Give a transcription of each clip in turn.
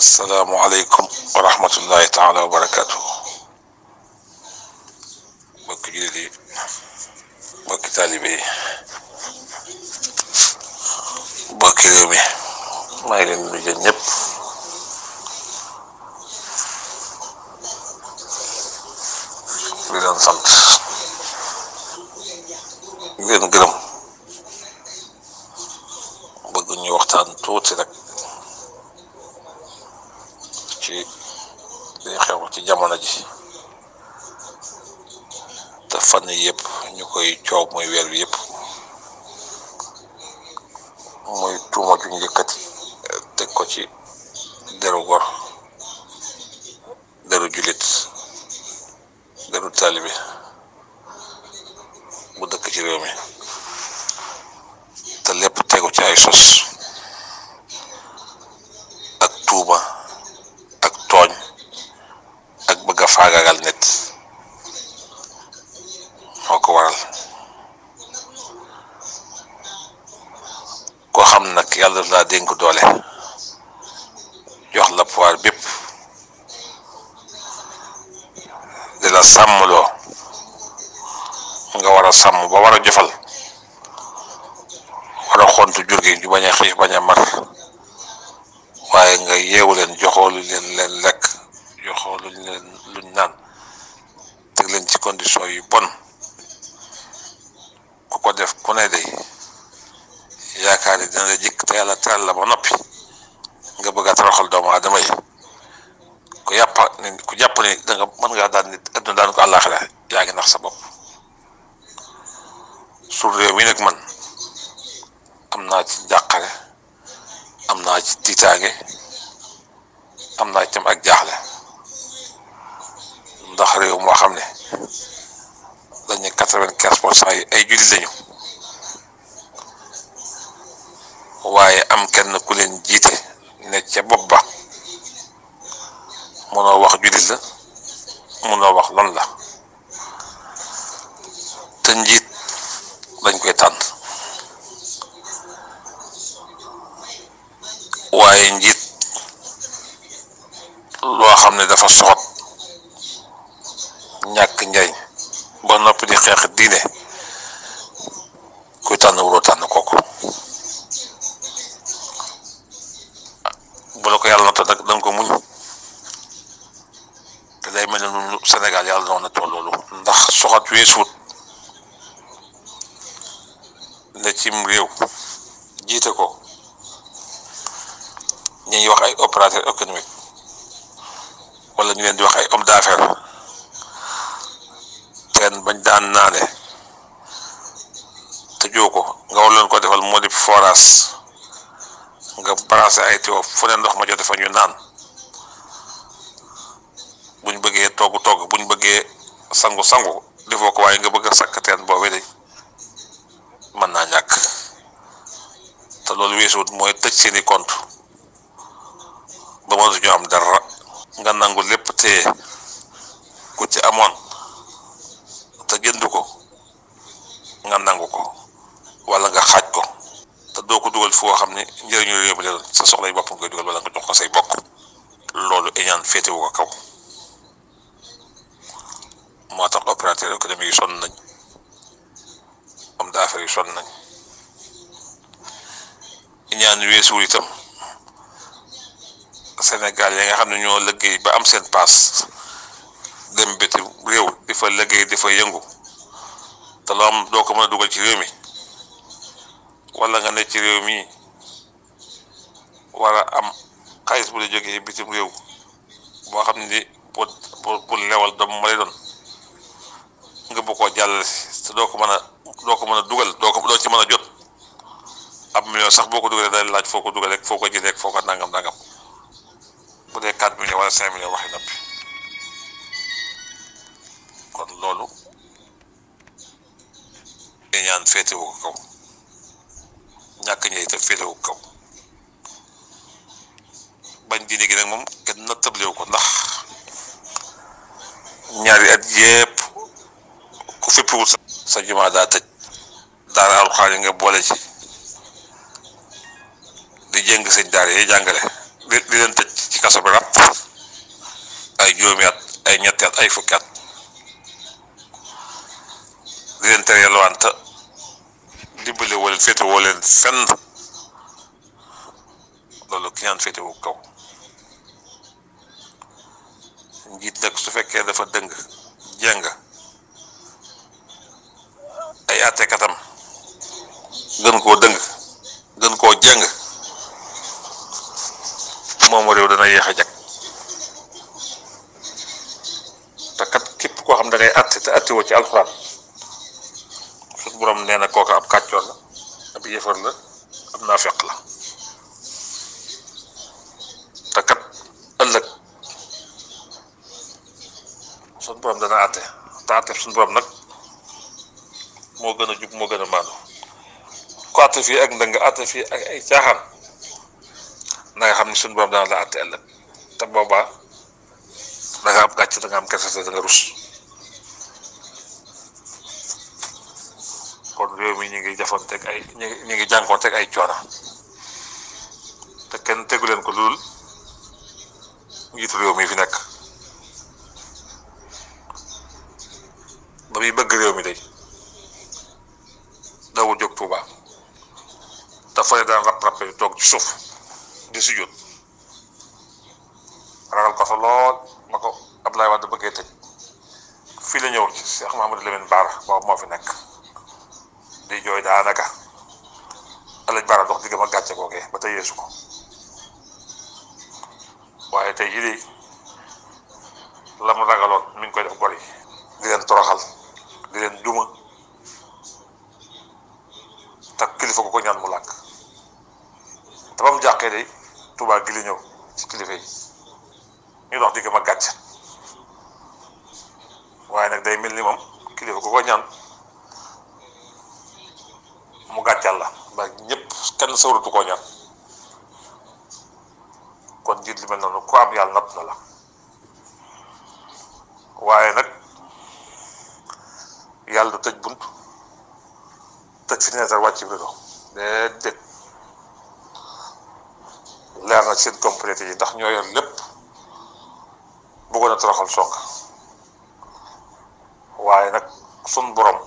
السلام عليكم ورحمة الله تعالى وبركاته بكيلي بكتالي بي بكيلي بي ما يلين بجنب بلان سمت بلان قرم koy coow muy weer bi muy tuuma ju ñu yëkkati teg ko ci deru gor deru jullit moo ko waral koo xam nag yàlla laa dénk doole jox la pouvoir bépp di la sàmmloo nga war a sàmm ba war a jofal war a xontu jur gi ñu bañ a xiif bañ mar waaye nga yeewu leen joxoo lu leen leen lekk joxoo leen luñ naan teg leen ci condition yu bon ko def ku ne day yaakaar yi dina la jikk te yàlla teral la ba noppi nga bëgg a toroxal doomu aadama yi ku yàpp ni ku jàpp ni da nga mën ngaa daan nit adduna daan ko àllaaxira yaa ngi nax sa bopp suur réew mi nag man am naa ci jàqare am naa ci tiitaange am naa ci tam ak jaaxle ndax réew moo xam quatre-vingt-quinze pour cent yi ay jullit lañu waaye am kenn ku leen jiite nekk ca bopp ba mënoo wax jullit la mënoo wax lan la te njiit dañ koy tànn waaye njiit loo xam ne dafa soxot ñàkk njariñ ka khidine ko tan wuro tan koko bu la ko yàlla natoo nag danga ko muñ te day mel ne Sénégal yàlla noonu na toll loolu ndax soxat weesuut ne cim réew jiite ko ñuy wax ay opérateur économique wala ñu leen di wax ay homme d'affaires daan naane tëjoo ko nga war leen ko defal moo di forage nga branché ay tuyaux fu ne ndox ma jote fa ñu naan buñ bëggee togg togg buñ bëggee sangu sangu defoo ko waaye nga bëgg a sakk teen boobee de mën naa ñàkk te loolu weesuwut mooy tëj seeni compte ba mënatu ñu am dara nga nangu lépp téye ku ci amoon. te jënd ko nga nangu ko wala nga xaaj ko te doo ko dugal foo xam ne njëriñu réew mi la sa soxlay bopp nga koy dugal wala nga jox ko say bokk loolu iñaan féetewu ko kaw moo tax opérateur ko yi sonn nañ homme d'affaires yi sonn nañ iñaan weesuwul itam Sénégal yi nga xam ne ñoo liggéey ba am seen paas dem bitim réew di fa liggéey di yëngu te loo am doo ko mën a dugal ci réew mi wala nga ne ci réew mi war am xaalis bu la jógee bitim réew boo xam ni pour pour lewal doom ma lay doon nga bu koo jàllale si te doo ko man a doo ko mën a dugal doo ko doo ci mën a jot ab million sax boo ko dugalee day laaj foo ko dugal rek foo ko jëlee foo ko nangam nangam bu dee quatre millions wala cinq millions waxi noppi ñaan féetewu ko kaw ñàkk ñëw itam féetewu kaw bañ diine gi nag moom kenn na tablewu ko ndax ñaari at yépp ku féppiwul sa sa jumaa daa tëj daara alxuraan yi boole ci di jëng sëñ daara yi jàngale di leen tëj ci kaso bi ay juróomi at ay ñetti at ay fukki at leen tere yalwaan te dimbale woo leen féete loolu ki ñaan féete woo kaw njiit nag su fekkee dafa dëng jàng ay àttekatam gën koo dëng gën koo jàng moomu réew dana yéex a jag ta kat képp koo xam da ngay àtte te àtte woo ci alxuraan moom na kooka ab kàccoor la ab yëfar la ab naafeq la te kat ëllëg suñ borom dana àtte te àtte suñ borom nag moo gën a jub moo gën a maandu ku àtte fii ak ndëng àtte fii ak ay caaxaan na xam ne suñ borom dana la àtte ëllëg te boobaa da nga am gàcc da nga am kersa da nga rus. kon rew mi ñi ngi jafonteeg ay ñi ngi ñu ngi ay coono te kenn tegu leen ko lool njiitu rew mi fi nek ba muy bëgg rew mi day dawul jog tuba ta fa da rap rap tok ci suuf di su jot ragal ko fa lol mako ko Abdoulaye Wade bëggee tëj fii la ñëw ci Cheikh mohammed Lamine Bara bo mo fi nek di jooy daanaka alañ baara dox digga ma gàcce googee ba tey yeesu ko waaye tey jii de la mu ragaloon mi ngi koy def gor yi di toroxal di leen duma tak kilifa ko ko ñaan mu làkk te ba mu de Tuubaa gi ñëw ci kilifa yi ñu dox digga ma gàcce waaye nag day mel ni moom kilifa ko ko ñaan mu gàccal la ba ñëpp kenn sawratu koo ñaan kon njiit li mel noonu ku am yàlla natt na la waaye nag yàlla du tëj bunt tëj fenêtre wàcc bi rido déedéet leer na seen complété yi ndax ñoo yor lépp bëggoon a toroxal Sonko waaye nag sun borom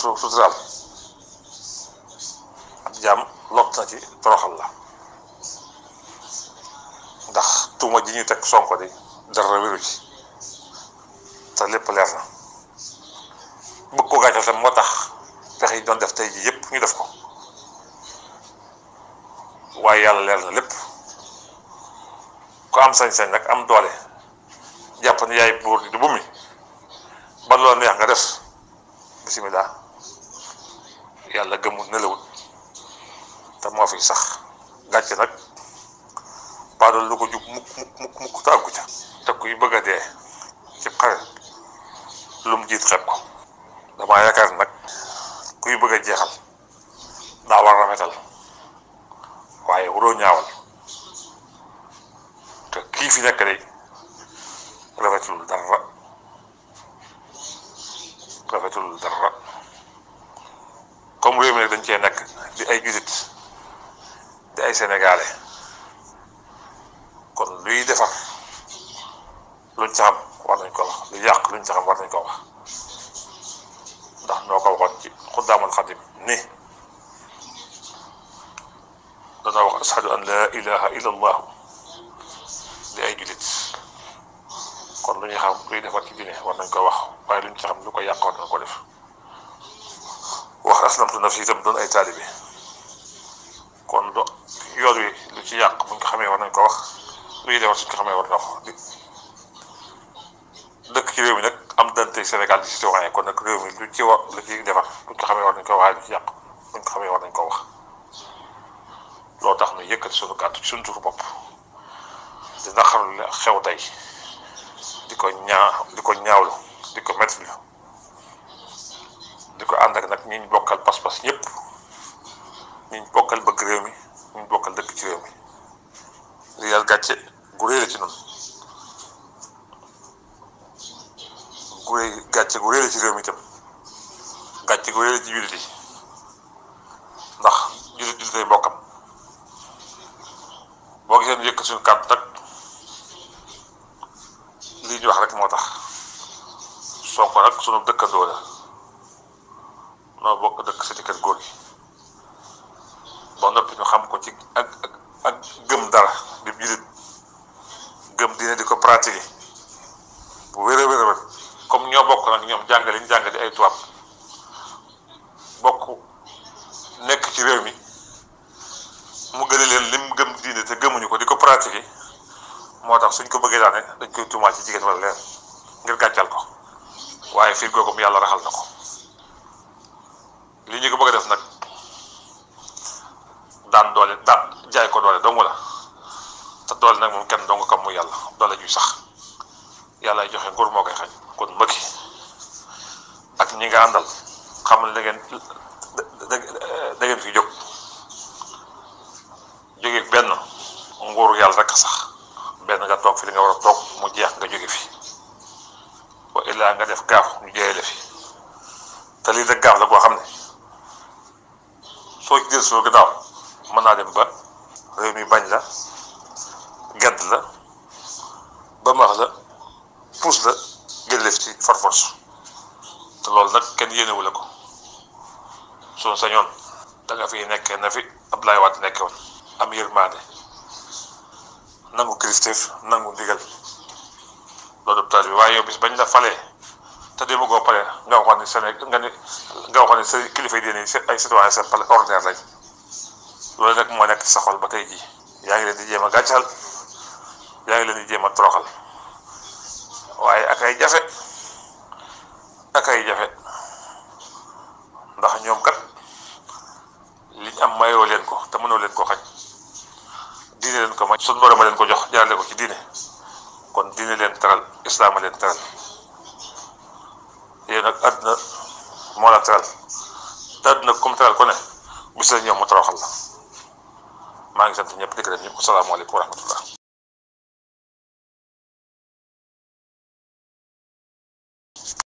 su suturaal ab jaam lott na ci toroxal la ndax tuuma ji ñu teg sonko di dara wéru ci te lépp leer na bëgg ko gàccal tam moo tax pexe yi doon def tey jii yëpp ñu def ko waaye yàlla leer na lépp ku am sañ-sañ nag am doole jàpp ne yaay buur di bu mi ba loo neex nga def bisimilah yàlla gëmul nelawul te moo fi sax gàcce nag baadool lu ko jub mukk mukk mukk mukk kuy bëgg a dee ci xare lu mu jiit xeb ko damaa yaakaar nag kuy bëgg jeexal daa war rafetal waaye waroo ñaawal kii fi nekk day rafetul dara rafetul dara comme réew dañ cee nekk di ay julit di ay sénégalais kon luy defar luñ ci war nañ ko wax lu yàq luñ ci war nañ koo wax ndax noo ko waxoon ci xuddaamul xadim ni danaa wax ashadu an laa ilaha illa allah di ay julit kon lu ñuy luy defar ci diine war nañ ko wax waaye luñ ci xam lu ko yàq war nañ ko def wax aslamtu nafsi itam doon ay taalibe kon do yoon wi lu ci yàq buñ ko xamee war nañ ko wax lu ñuy defar suñ ko xamee war dëkk ci réew nag am dante Sénégal di si waxee kon nag réew mi ci war lu ci defar buñ ko xamee war nañ ko waxee lu ci yàq buñ ko xamee war nañ koo wax loo tax ñu yëkkati suñu kàddu ci suñu turu bopp dina xam xew tey di ko ñaa di ko ñaawlu di ko metti di ko ànd ak nag ñi ñu bokkal pas-pas ñëpp ñi ñu bokkal bëgg réew mi ñi ñu bokkal dëkk ci réew mi li yàlla gàcce gu réy ci réew mi itam gàcce gu réy ci jullit yi ndax jullit jullit ay bokkam boo gisee ñu yëkk suñu kàddu nag lii ñu wax rek moo tax soo ko nag sunu dëkkandoo noo bokk dëkk siti kër góor gi ba noppi ñu xam ko ci ak ak gëm dara di jullit gëm dina di ko pratiquer bu wér a comme ñoo bokk nag ñoom jàngale ñu jàngale ay tubaab bokk nekk ci réew mi mu gën a leen lim gëm diine te gëmuñu ko di ko pratiquer moo tax suñ ko bëggee daane dañ koy tuumaal ci jigéen wala leen ngir gàccal ko waaye fii googu yàlla raxal na ko. li ñu ko bëgg a def nag daan doole daan jaay ko doole dong la te doole nag moom kenn dong kam mu yàlla doole juy sax yàlla joxe nguur moo koy xañ kon Macky ak ñi nga àndal xam ne da ngeen da ngeen fi jóg jóge benn nguuru yàlla rek sax benn nga toog fi li nga war a toog mu jeex nga jóge fi wa illaa nga def gaaf ñu jëyee la fi te lii nag gaaf la boo xam ne soo ci dellu soo gannaaw mën naa dem ba réew mi bañ la gedd la ba max la puus la gëlleef ci farfos te loolu nag kenn yéenewu la ko soo sañoon da nga fi nekkee na fi Abdoulaye Wade nekkoon am yërmaande nangu kilifteef nangu ndigal loolu taal bi waaye yow bis bañ la falee te dee bëggoo pare nga waxoon ne seen nga ni nga waxoon ne kilifa yi dinañ ay citoyen seen pale ordinaire lañ loolu nag moo nekk sa xol ba tey jii yaa ngi leen di jéem a gàccal yaa ngi leen di jéem a toroxal waaye ak ay jafe ak ay jafe ndax ñoom kat liñ am mayoo leen ko te mënoo leen ko xaj diine leen ko may suñ borom a leen ko jox jaarale ko ci diine kon diine leen teral islaama leen teral yéen nag àdduna moo la teral te àdduna comme teral ku ne bis la ñëw mu toroxal la maa ngi sant ñëpp di gërëm ñëpp asalaamaaleykum wa rahmatullah